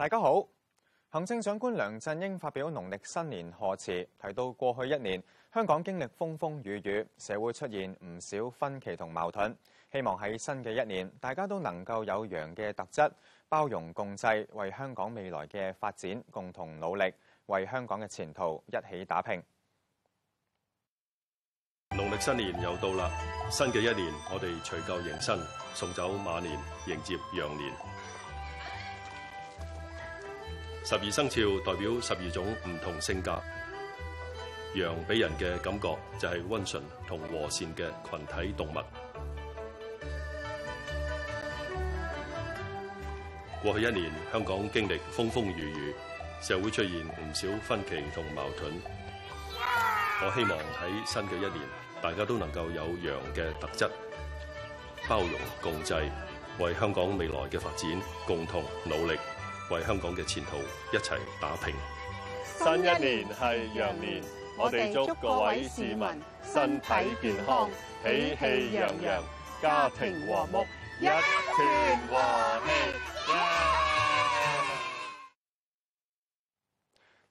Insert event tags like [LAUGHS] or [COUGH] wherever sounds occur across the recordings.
大家好，行政長官梁振英發表農曆新年賀詞，提到過去一年香港經歷風風雨雨，社會出現唔少分歧同矛盾，希望喺新嘅一年，大家都能夠有羊嘅特質，包容共濟，為香港未來嘅發展共同努力，為香港嘅前途一起打拼。農曆新年又到啦，新嘅一年，我哋除舊迎新，送走馬年，迎接羊年。十二生肖代表十二種唔同性格，羊俾人嘅感覺就係温順同和善嘅群體動物。過去一年香港經歷風風雨雨，社會出現唔少分歧同矛盾。我希望喺新嘅一年，大家都能夠有羊嘅特質，包容共濟，為香港未來嘅發展共同努力。為香港嘅前途一齊打拼。新一年係羊年，我哋祝各位市民身體健康、喜氣洋洋、家庭和睦、一團和氣。Yeah!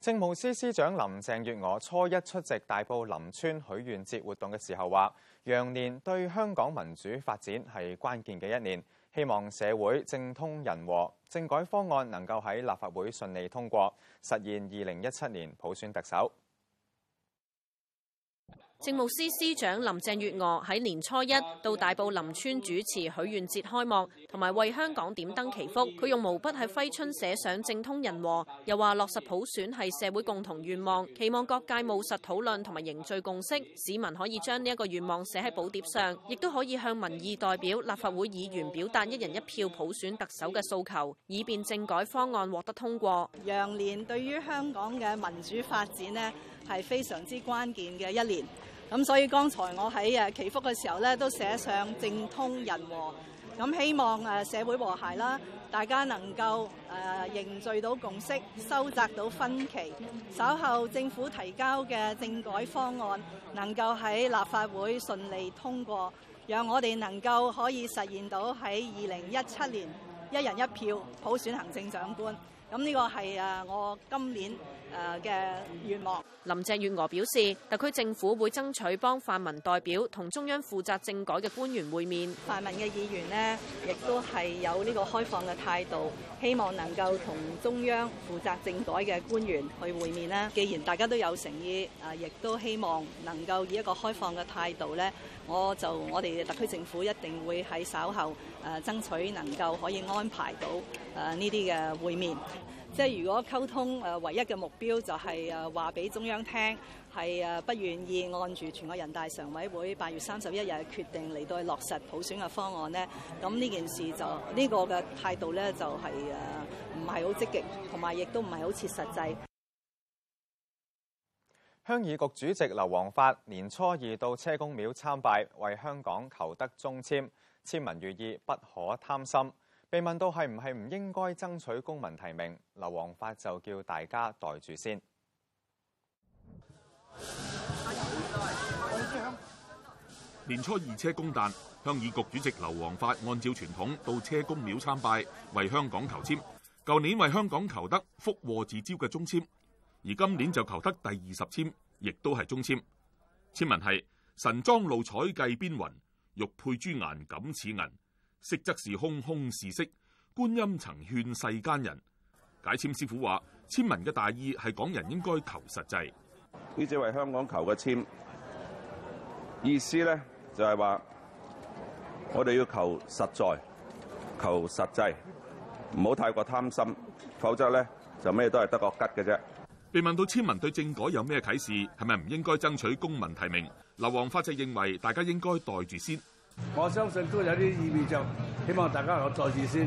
政務司司長林鄭月娥初一出席大埔林村許願節活動嘅時候話，羊年對香港民主發展係關鍵嘅一年。希望社會政通人和，政改方案能夠喺立法會順利通過，實現二零一七年普選特首。政務司司長林鄭月娥喺年初一到大埔林村主持許願節開幕，同埋為香港點燈祈福。佢用毛筆喺揮春寫上政通人和，又話落實普選係社會共同願望，期望各界務實討論同埋凝聚共識，市民可以將呢一個願望寫喺寶牒上，亦都可以向民意代表、立法會議員表達一人一票普選特首嘅訴求，以便政改方案獲得通過。羊年對於香港嘅民主發展呢，係非常之關鍵嘅一年。咁所以剛才我喺誒祈福嘅時候咧，都寫上政通人和。咁希望誒社會和諧啦，大家能夠誒呃、凝聚到共識，收窄到分歧。稍後政府提交嘅政改方案能夠喺立法會順利通過，讓我哋能夠可以實現到喺二零一七年一人一票普選行政長官。咁呢個係誒我今年，誒嘅願望。林鄭月娥表示，特區政府會爭取幫泛民代表同中央負責政改嘅官員會面。泛民嘅議員呢，亦都係有呢個開放嘅態度，希望能夠同中央負責政改嘅官員去會面啦。既然大家都有誠意，誒，亦都希望能夠以一個開放嘅態度呢，我就我哋特區政府一定會喺稍後誒爭取能夠可以安排到誒呢啲嘅會面。即係如果溝通誒唯一嘅目標就係誒話俾中央聽係誒不願意按住全國人大常委會八月三十一日決定嚟到去落實普選嘅方案呢，咁呢件事就呢、呢個嘅態度咧就係誒唔係好積極，同埋亦都唔係好切實際。鄉議局主席劉皇發年初二到車公廟參拜，為香港求得中籤，籤文寓意不可貪心。被問到係唔係唔應該爭取公民提名，劉皇發就叫大家待住先。年初二車公誕，鄉議局主席劉皇發按照傳統到車公廟參拜，為香港求籤。舊年為香港求得福禍自招嘅中籤，而今年就求得第二十籤，亦都係中籤。簽文係神莊露彩繼邊雲，玉佩珠顏錦似銀。色則是空，空是色。觀音曾勸世間人。解籤師傅話：籤文嘅大意係港人應該求實際。呢隻為香港求個籤，意思咧就係、是、話我哋要求實在，求實際，唔好太過貪心，否則咧就咩都係得個吉嘅啫。被問到籤文對政改有咩啟示，係咪唔應該爭取公民提名？劉皇發就認為大家應該袋住先。我相信都有啲意味就希望大家有注意先，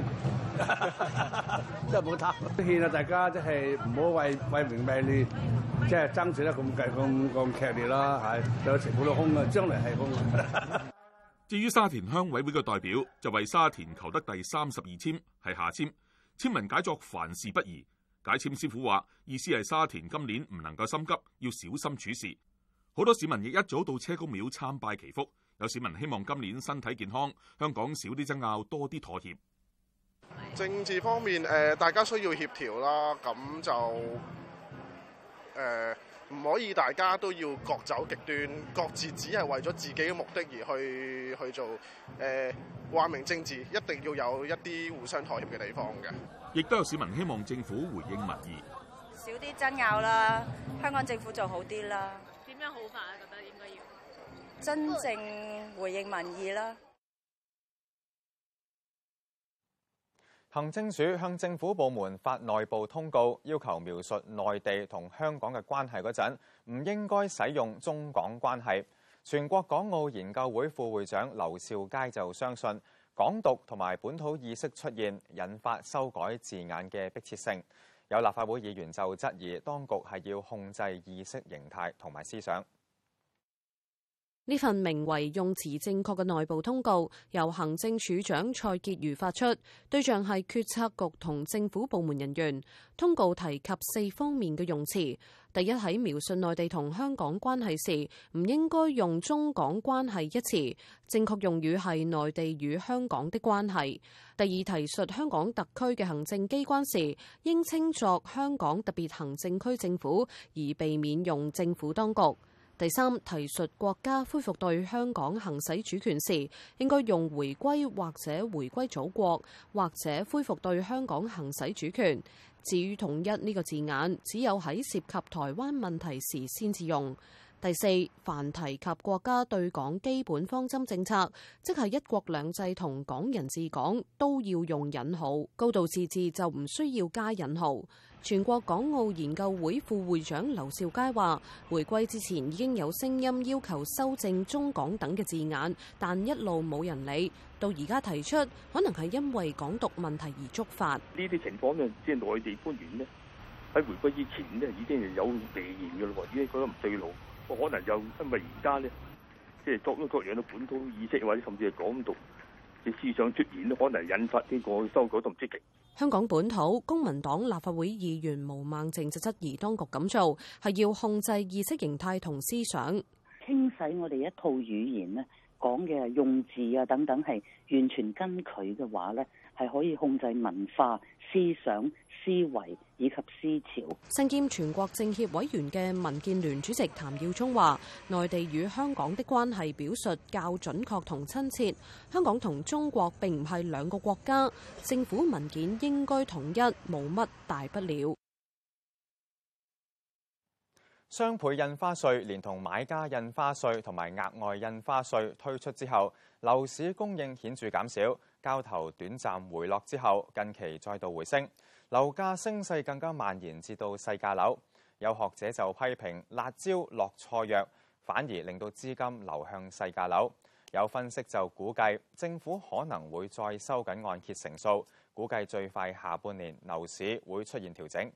即係冇貪。我都啊，大家即係唔好為為名為利，即係爭取得咁計咁咁劇烈啦係有情冇得空啊，將來係空 [LAUGHS] 至於沙田鄉委會嘅代表就為沙田求得第三十二籤，係下籤。籤文解作凡事不宜，解籤師傅話意思係沙田今年唔能夠心急，要小心處事。好多市民亦一早到車公廟參拜祈福。有市民希望今年身體健康，香港少啲爭拗，多啲妥協。政治方面，誒、呃，大家需要協調啦，咁就誒，唔、呃、可以大家都要各走極端，各自只係為咗自己嘅目的而去去做，誒、呃，話明政治，一定要有一啲互相妥協嘅地方嘅。亦都有市民希望政府回應民意，少啲爭拗啦，香港政府做好啲啦。點樣好法？真正回應民意啦！行政署向政府部門發內部通告，要求描述內地同香港嘅關係嗰陣，唔應該使用中港關係。全國港澳研究會副會長劉兆佳就相信，港獨同埋本土意識出現，引發修改字眼嘅迫切性。有立法會議員就質疑，當局係要控制意識形態同埋思想。呢份名為用詞正確嘅內部通告，由行政署長蔡潔如發出，對象係決策局同政府部門人員。通告提及四方面嘅用詞：第一，喺描述內地同香港關係時，唔應該用中港關係一詞，正確用語係內地與香港的關係；第二，提述香港特區嘅行政機關時，應稱作香港特別行政區政府，而避免用政府當局。第三，提述國家恢復對香港行使主權時，應該用「回歸」或者「回歸祖國」或者恢復對香港行使主權。至於統一呢個字眼，只有喺涉及台灣問題時先至用。第四，凡提及國家對港基本方針政策，即係一國兩制同港人治港，都要用引號，高度自治就唔需要加引號。全國港澳研究會副會長劉兆佳話，回歸之前已經有聲音要求修正中港等嘅字眼，但一路冇人理，到而家提出，可能係因為港獨問題而觸發。呢啲情況咧，即係內地官員咧，喺回歸之前咧已經有備言嘅咯喎，只係覺得唔對路。可能又因為而家咧，即係各，各樣各樣嘅本土意識或者甚至係港獨嘅思想出現，可能引發呢個修改都唔積極。香港本土公民黨立法會議員毛孟靜就質疑當局咁做係要控制意識形態同思想，清洗我哋一套語言咧，講嘅用字啊等等係完全跟佢嘅話咧，係可以控制文化思想，思維以及思潮。身兼全國政協委員嘅民建聯主席譚耀宗話，內地與香港的關係表述較準確同親切。香港同中國並唔係兩個國家，政府文件應該統一，冇乜大不了。雙倍印花稅連同買家印花稅同埋額外印花稅推出之後，樓市供應顯著減少，交投短暫回落之後，近期再度回升。樓價升勢更加蔓延至到細價樓，有學者就批評辣招落錯藥，反而令到資金流向細價樓。有分析就估計，政府可能會再收緊按揭成數，估計最快下半年樓市會出現調整。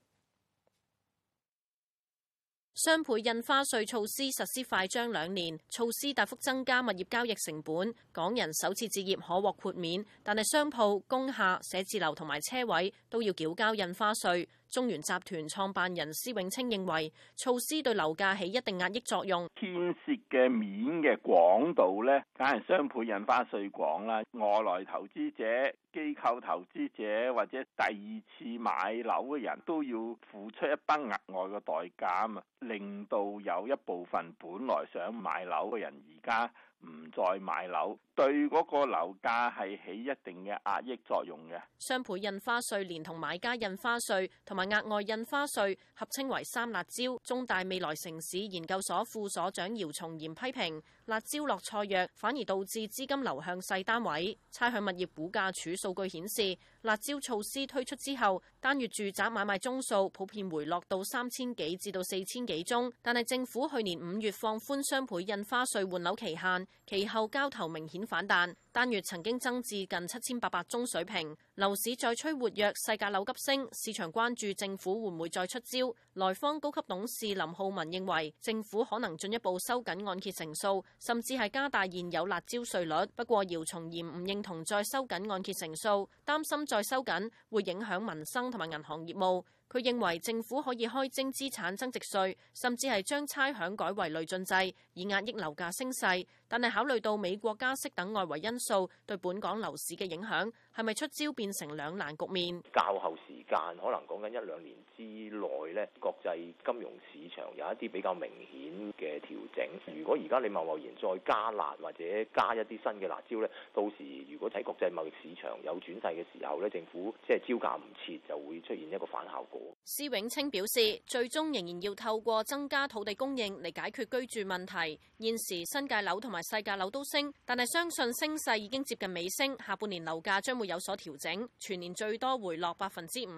雙倍印花稅措施實施快將兩年，措施大幅增加物業交易成本。港人首次置業可獲豁免，但係商鋪、工廈、寫字樓同埋車位都要繳交印花稅。中原集團創辦人施永青認為，措施對樓價起一定壓抑作用。牽涉嘅面嘅廣度呢，梗係雙倍印花稅廣啦。外來投資者、機構投資者或者第二次買樓嘅人都要付出一筆額外嘅代價啊令到有一部分本來想買樓嘅人而家。唔再買樓，對嗰個樓價係起一定嘅壓抑作用嘅。雙倍印花稅連同買家印花稅同埋額外印花稅合稱為三辣招。中大未來城市研究所副所長姚松炎批評，辣招落錯藥，反而導致資金流向細單位。差餉物業估價署數據顯示，辣招措施推出之後，單月住宅買賣宗數普遍回落到三千幾至到四千幾宗。但係政府去年五月放寬雙倍印花稅換樓期限。其後交投明顯反彈，單月曾經增至近七千八百宗水平。樓市再趨活躍，細價樓急升，市場關注政府會唔會再出招。來方高級董事林浩文認為，政府可能進一步收緊按揭成數，甚至係加大現有辣招稅率。不過姚松炎唔認同再收緊按揭成數，擔心再收緊會影響民生同埋銀行業務。佢認為政府可以開徵資產增值稅，甚至係將差餉改為累進制，以壓抑樓價升勢。但係考慮到美國加息等外圍因素對本港樓市嘅影響，係咪出招變成兩難局面？教後市。間可能講緊一兩年之內呢，國際金融市場有一啲比較明顯嘅調整。如果而家你貿貿然再加辣或者加一啲新嘅辣椒呢，到時如果喺國際貿易市場有轉勢嘅時候呢，政府即係招架唔切，就會出現一個反效果。施永青表示，最終仍然要透過增加土地供應嚟解決居住問題。現時新界樓同埋細價樓都升，但係相信升勢已經接近尾聲，下半年樓價將會有所調整，全年最多回落百分之五。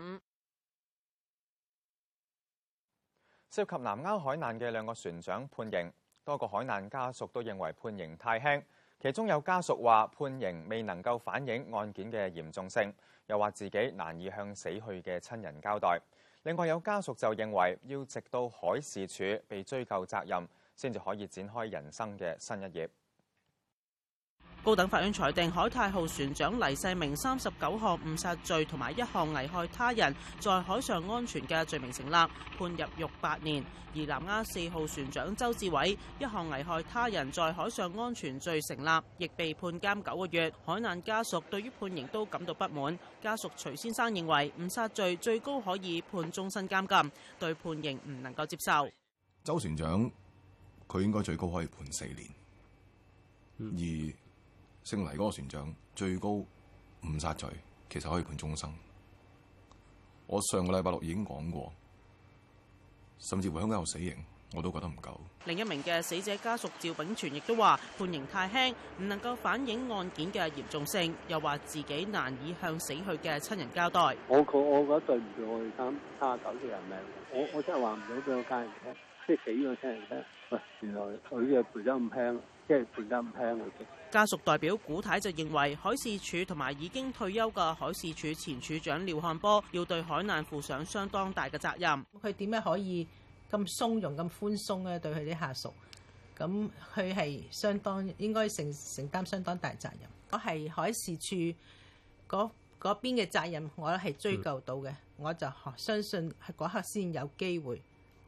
涉及南丫海難嘅兩個船長判刑，多個海難家屬都認為判刑太輕，其中有家屬話判刑未能夠反映案件嘅嚴重性，又話自己難以向死去嘅親人交代。另外有家屬就認為要直到海事處被追究責任，先至可以展開人生嘅新一頁。高等法院裁定海泰號船長黎世明三十九項誤殺罪同埋一項危害他人在海上安全嘅罪名成立，判入獄八年。而南丫四號船長周志偉一項危害他人在海上安全罪成立，亦被判監九個月。海難家屬對於判刑都感到不滿，家屬徐先生認為誤殺罪最高可以判終身監禁，對判刑唔能夠接受。周船長，佢應該最高可以判四年，而姓黎嗰個船長最高誤殺罪，其實可以判終生。我上個禮拜六已經講過，甚至回鄉間有死刑，我都覺得唔夠。另一名嘅死者家屬趙炳全亦都話判刑太輕，唔能夠反映案件嘅嚴重性，又話自己難以向死去嘅親人交代。我覺我覺得對唔住我哋三十九條人命，我我真係話唔到俾我家人聽。即死咗先啦！喂，原來佢嘅賠得咁輕，即係賠得咁輕。我嘅家屬代表古太就認為海事處同埋已經退休嘅海事處前處長廖漢波要對海難負上相當大嘅責任。佢點解可以咁鬆容、咁寬鬆咧？對佢啲下屬，咁佢係相當應該承承擔相當大的責任。我係海事處嗰邊嘅責任，我係追究到嘅。嗯、我就相信係嗰刻先有機會。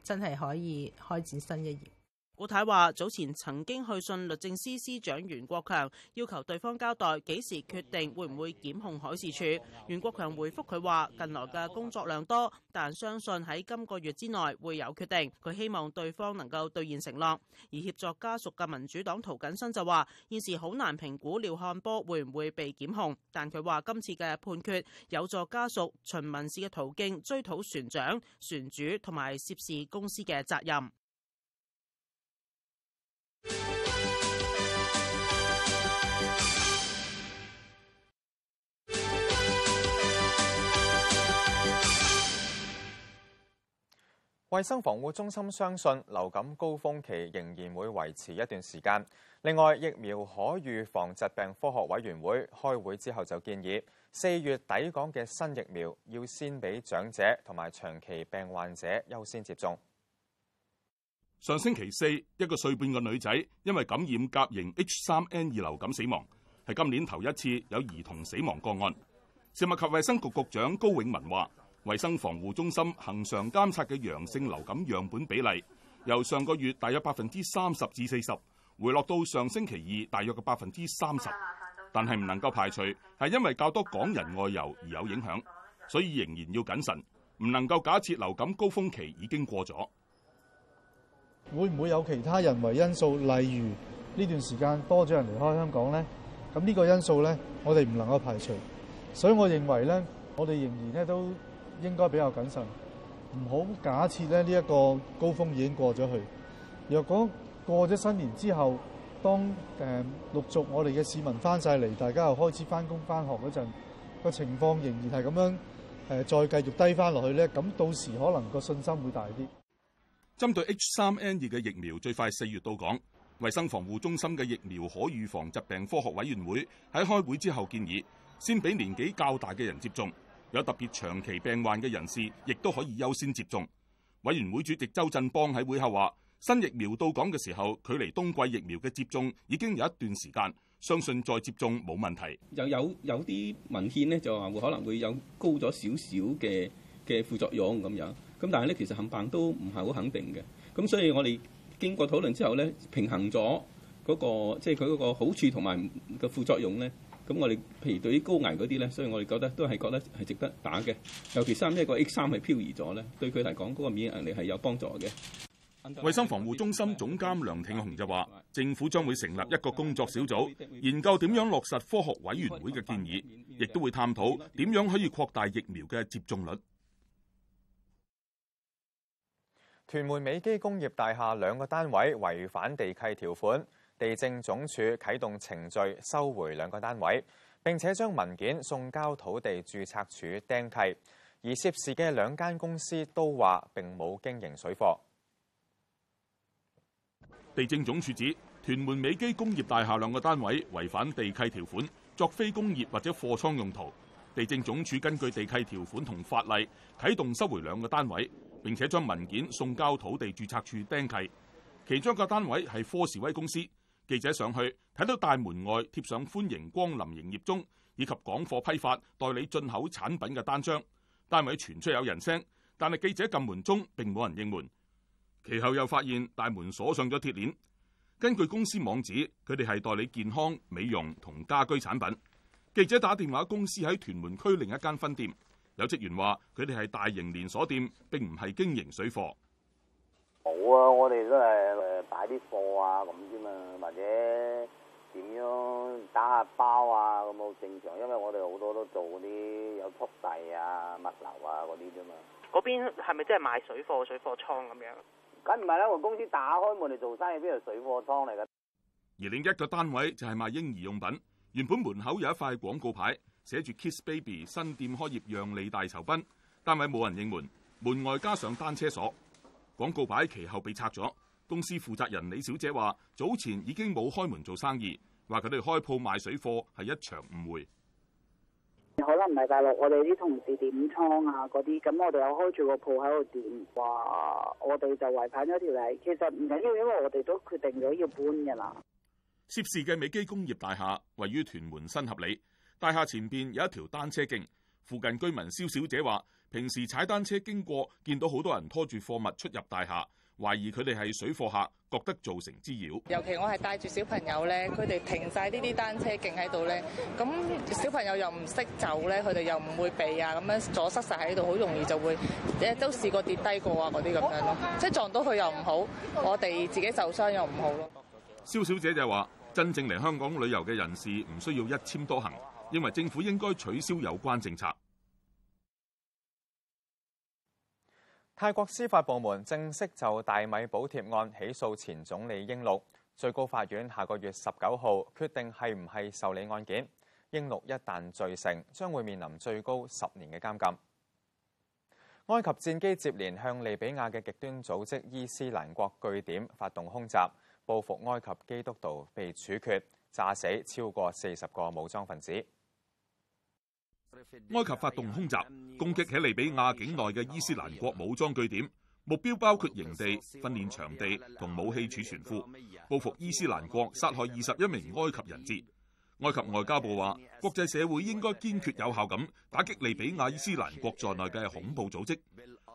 真係可以開展新一頁。顧太話早前曾經去信律政司司長袁國強，要求對方交代幾時決定會唔會檢控海事處。袁國強回覆佢話：近來嘅工作量多，但相信喺今個月之內會有決定。佢希望對方能夠兌現承諾。而協助家屬嘅民主黨涂謹申就話：現時好難評估廖漢波會唔會被檢控，但佢話今次嘅判決有助家屬循民事嘅途徑追討船長、船主同埋涉事公司嘅責任。衛生防護中心相信流感高峰期仍然會維持一段時間。另外，疫苗可預防疾病科學委員會開會之後就建議，四月抵港嘅新疫苗要先俾長者同埋長期病患者優先接種。上星期四，一個歲半嘅女仔因為感染甲型 H3N2 流感死亡，係今年頭一次有兒童死亡個案。食物及衛生局局長高永文話。衛生防護中心恒常監測嘅陽性流感樣本比例，由上個月大約百分之三十至四十，回落到上星期二大約嘅百分之三十。但係唔能夠排除係因為較多港人外遊而有影響，所以仍然要謹慎，唔能夠假設流感高峰期已經過咗。會唔會有其他人為因素，例如呢段時間多咗人離開香港呢？咁呢個因素呢，我哋唔能夠排除。所以我認為呢，我哋仍然咧都。應該比較謹慎，唔好假設咧呢一個高峰已經過咗去。若果過咗新年之後，當誒陸續我哋嘅市民翻晒嚟，大家又開始翻工翻學嗰陣，個情況仍然係咁樣誒，再、呃、繼續低翻落去咧，咁到時可能個信心會大啲。針對 H 三 N 二嘅疫苗最快四月到港，衞生防護中心嘅疫苗可預防疾病科學委員會喺開會之後建議，先俾年紀較大嘅人接種。有特別長期病患嘅人士，亦都可以優先接種。委員會主席周振邦喺會後話：新疫苗到港嘅時候，距離冬季疫苗嘅接種已經有一段時間，相信再接種冇問題。又有有啲文獻呢，就話會可能會有高咗少少嘅嘅副作用咁樣，咁但係咧其實冚棒都唔係好肯定嘅。咁所以我哋經過討論之後咧，平衡咗嗰個即係佢嗰個好處同埋個副作用咧。咁我哋譬如對於高危嗰啲咧，所以我哋覺得都係覺得係值得打嘅。尤其是呢一個 A 三系漂移咗咧，對佢嚟講嗰個免疫能力係有幫助嘅。衛生防護中心總監梁挺雄就話，政府將會成立一個工作小組，研究點樣落實科學委員會嘅建議，亦都會探討點樣可以擴大疫苗嘅接種率。屯門美基工業大廈兩個單位違反地契條款。地政總署啟動程序收回兩個單位，並且將文件送交土地註冊處釘契。而涉事嘅兩間公司都話並冇經營水貨。地政總署指屯門美基工業大廈兩個單位違反地契條款，作非工業或者貨倉用途。地政總署根據地契條款同法例啟動收回兩個單位，並且將文件送交土地註冊處釘契。其中一個單位係科士威公司。記者上去睇到大門外貼上歡迎光臨營業中，以及港貨批發代理進口產品嘅單張，單位傳出有人聲，但係記者撳門鐘並冇人應門，其後又發現大門鎖上咗鐵鏈。根據公司網址，佢哋係代理健康美容同家居產品。記者打電話公司喺屯門區另一間分店，有職員話佢哋係大型連鎖店，並唔係經營水貨。冇啊！我哋都係誒擺啲貨啊咁啫嘛，或者點樣打下包啊咁好正常。因為我哋好多都做啲有速遞啊、物流啊嗰啲啫嘛。嗰邊係咪即係賣水貨、水貨倉咁樣？梗唔係啦，我公司打開門嚟做生意，邊度水貨倉嚟噶？而另一個單位就係賣嬰兒用品，原本門口有一塊廣告牌，寫住 Kiss Baby 新店開業讓利大酬賓，單位冇人應門，門外加上單車鎖。廣告牌其後被拆咗。公司負責人李小姐話：早前已經冇開門做生意，話佢哋開鋪賣水貨係一場誤會。可能唔係大陸，我哋啲同事點倉啊嗰啲，咁我哋有開住個鋪喺度點，話我哋就違反咗條例。其實唔緊要，因為我哋都決定咗要搬噶啦。涉事嘅美基工業大廈位於屯門新合里，大廈前邊有一條單車徑，附近居民蕭小姐話。平時踩單車經過，見到好多人拖住貨物出入大廈，懷疑佢哋係水貨客，覺得造成滋擾。尤其我係帶住小朋友咧，佢哋停晒呢啲單車徑喺度咧，咁小朋友又唔識走咧，佢哋又唔會避啊，咁樣阻塞晒喺度，好容易就會都試過跌低過啊嗰啲咁樣咯，即係撞到佢又唔好，我哋自己受傷又唔好咯。蕭小姐就話：真正嚟香港旅遊嘅人士唔需要一簽多行，認為政府應該取消有關政策。泰國司法部門正式就大米補貼案起訴前總理英禄，最高法院下個月十九號決定係唔係受理案件。英禄一旦罪成，將會面臨最高十年嘅監禁。埃及戰機接連向利比亞嘅極端組織伊斯蘭國據點發動空襲，報復埃及基督徒被處決，炸死超過四十個武裝分子。埃及發動空襲，攻擊喺利比亞境內嘅伊斯蘭國武裝據點，目標包括營地、訓練場地同武器儲存庫，報復伊斯蘭國殺害二十一名埃及人質。埃及外交部話，國際社會應該堅決有效咁打擊利比亞伊斯蘭國在內嘅恐怖組織。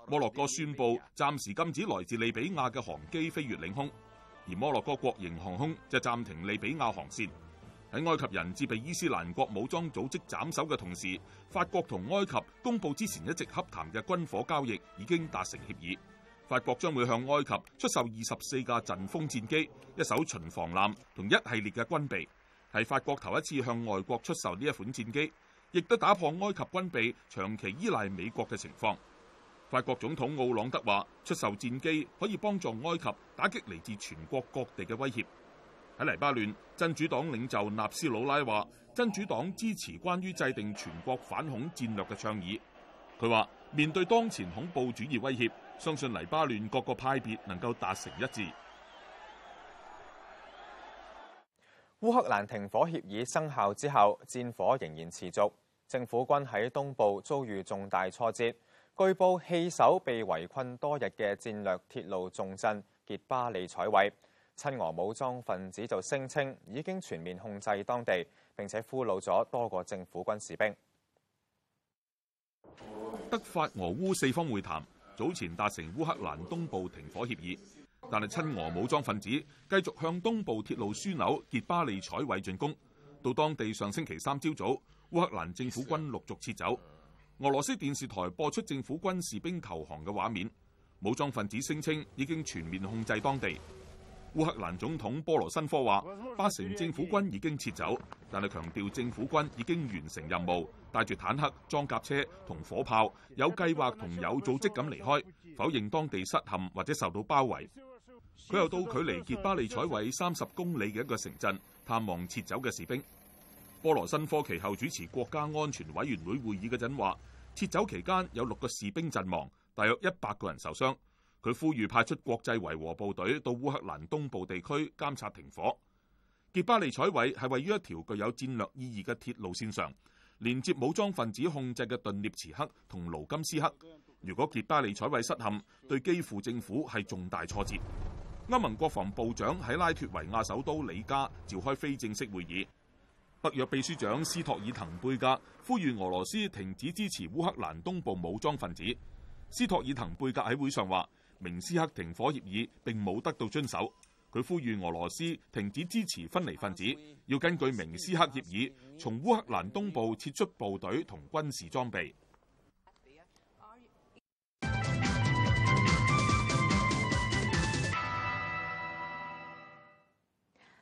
摩洛哥宣布暫時禁止來自利比亞嘅航機飛越領空，而摩洛哥國營航空就暫停利比亞航線。喺埃及人接被伊斯蘭國武裝組織斬首嘅同時，法國同埃及公布之前一直洽談嘅軍火交易已經達成協議。法國將會向埃及出售二十四架陣風戰機、一艘巡防艦同一系列嘅軍備，係法國頭一次向外國出售呢一款戰機，亦都打破埃及軍備長期依賴美國嘅情況。法國總統奧朗德話：出售戰機可以幫助埃及打擊嚟自全國各地嘅威脅。喺黎巴嫩，真主黨領袖納斯魯拉話：真主黨支持關於制定全國反恐戰略嘅倡議。佢話：面對當前恐怖主義威脅，相信黎巴嫩各個派別能夠達成一致。烏克蘭停火協議生效之後，戰火仍然持續，政府軍喺東部遭遇重大挫折，據報棄守被圍困多日嘅戰略鐵路重鎮傑巴利采韋。親俄武裝分子就聲稱已經全面控制當地，並且俘虜咗多個政府軍士兵。德法俄烏四方會談早前達成烏克蘭東部停火協議，但係親俄武裝分子繼續向東部鐵路樞紐傑巴利采委進攻。到當地上星期三朝早，烏克蘭政府軍陸續撤走。俄羅斯電視台播出政府軍士兵投降嘅畫面。武裝分子聲稱已經全面控制當地。烏克蘭總統波羅申科話：巴城政府軍已經撤走，但係強調政府軍已經完成任務，帶住坦克、裝甲車同火炮，有計劃同有組織咁離開，否認當地失陷或者受到包圍。佢又到距離傑巴利采韋三十公里嘅一個城鎮探望撤走嘅士兵。波羅申科其後主持國家安全委員會會議嗰陣話：撤走期間有六個士兵陣亡，大約一百個人受傷。佢呼籲派出國際維和部隊到烏克蘭東部地區監察停火。傑巴利采韋係位於一條具有戰略意義嘅鐵路線上，連接武裝分子控制嘅頓涅茨克同盧甘斯克。如果傑巴利采韋失陷，對基輔政府係重大挫折。歐盟國防部長喺拉脫維亞首都里加召開非正式會議，北約秘書長斯托爾滕貝格呼籲俄羅斯停止支持烏克蘭東部武裝分子。斯托爾滕貝格喺會上話。明斯克停火協議並冇得到遵守，佢呼籲俄羅斯停止支持分離分子，要根據明斯克協議從烏克蘭東部撤出部隊同軍事裝備。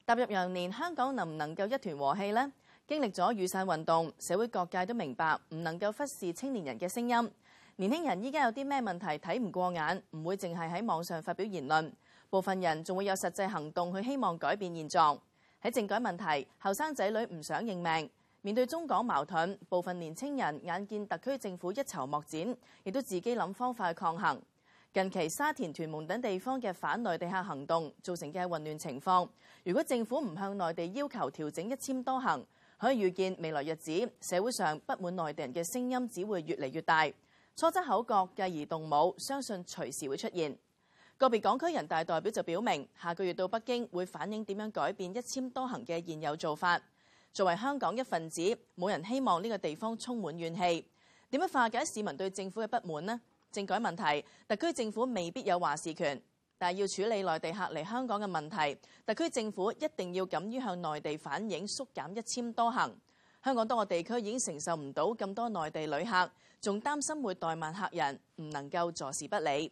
踏入羊年，香港能唔能夠一團和氣呢？經歷咗雨傘運動，社會各界都明白唔能夠忽視青年人嘅聲音。年輕人依家有啲咩問題睇唔過眼，唔會淨係喺網上發表言論，部分人仲會有實際行動去希望改變現狀。喺政改問題，後生仔女唔想認命，面對中港矛盾，部分年青人眼見特區政府一籌莫展，亦都自己諗方法去抗衡。近期沙田、屯門等地方嘅反內地客行動造成嘅混亂情況，如果政府唔向內地要求調整一簽多行，可以預見未來日子社會上不滿內地人嘅聲音只會越嚟越大。初則口角繼而動武，相信隨時會出現。個別港區人大代表就表明，下個月到北京會反映點樣改變一簽多行嘅現有做法。作為香港一份子，冇人希望呢個地方充滿怨氣。點樣化解市民對政府嘅不滿呢？政改問題，特區政府未必有話事權，但係要處理內地客嚟香港嘅問題，特區政府一定要敢於向內地反映縮減一簽多行。香港多個地區已經承受唔到咁多內地旅客，仲擔心會怠慢客人，唔能夠坐視不理。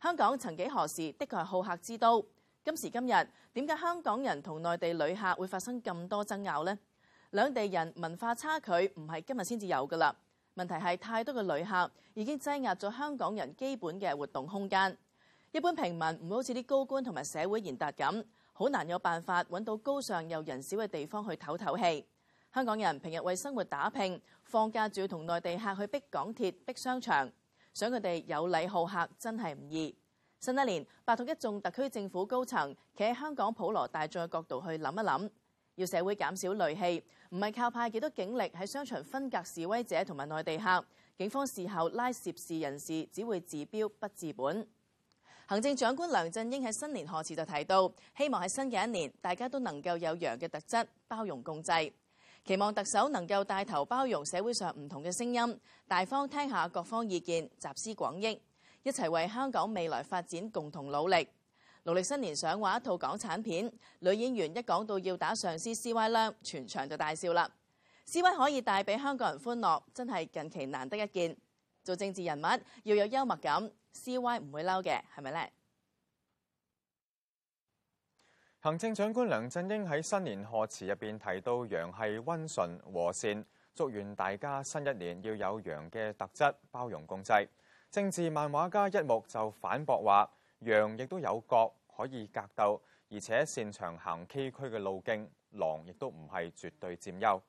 香港曾幾何時的確係好客之都，今時今日點解香港人同內地旅客會發生咁多爭拗咧？兩地人文化差距唔係今日先至有噶啦。問題係太多嘅旅客已經擠壓咗香港人基本嘅活動空間，一般平民唔會好似啲高官同埋社會賢達咁，好難有辦法揾到高尚又人少嘅地方去唞唞氣。香港人平日為生活打拼，放假就要同內地客去逼港鐵、逼商場，想佢哋有禮好客真係唔易。新一年，白同一眾特區政府高層企喺香港普羅大眾嘅角度去諗一諗，要社會減少戾氣，唔係靠派幾多警力喺商場分隔示威者同埋內地客。警方事後拉涉事人士，只會治標不治本。行政長官梁振英喺新年賀詞就提到，希望喺新嘅一年，大家都能夠有羊嘅特質，包容共濟。期望特首能夠帶頭包容社會上唔同嘅聲音，大方聽下各方意見，集思廣益，一齊為香港未來發展共同努力。農曆新年上畫一套港產片，女演員一講到要打上司 C Y 全場就大笑啦。C Y 可以帶俾香港人歡樂，真係近期難得一見。做政治人物要有幽默感，C Y 唔會嬲嘅，係咪呢？行政長官梁振英喺新年賀詞入邊提到羊係温順和善，祝願大家新一年要有羊嘅特質，包容共濟。政治漫畫家一目就反駁話，羊亦都有角可以格鬥，而且擅長行崎嶇嘅路徑，狼亦都唔係絕對佔優。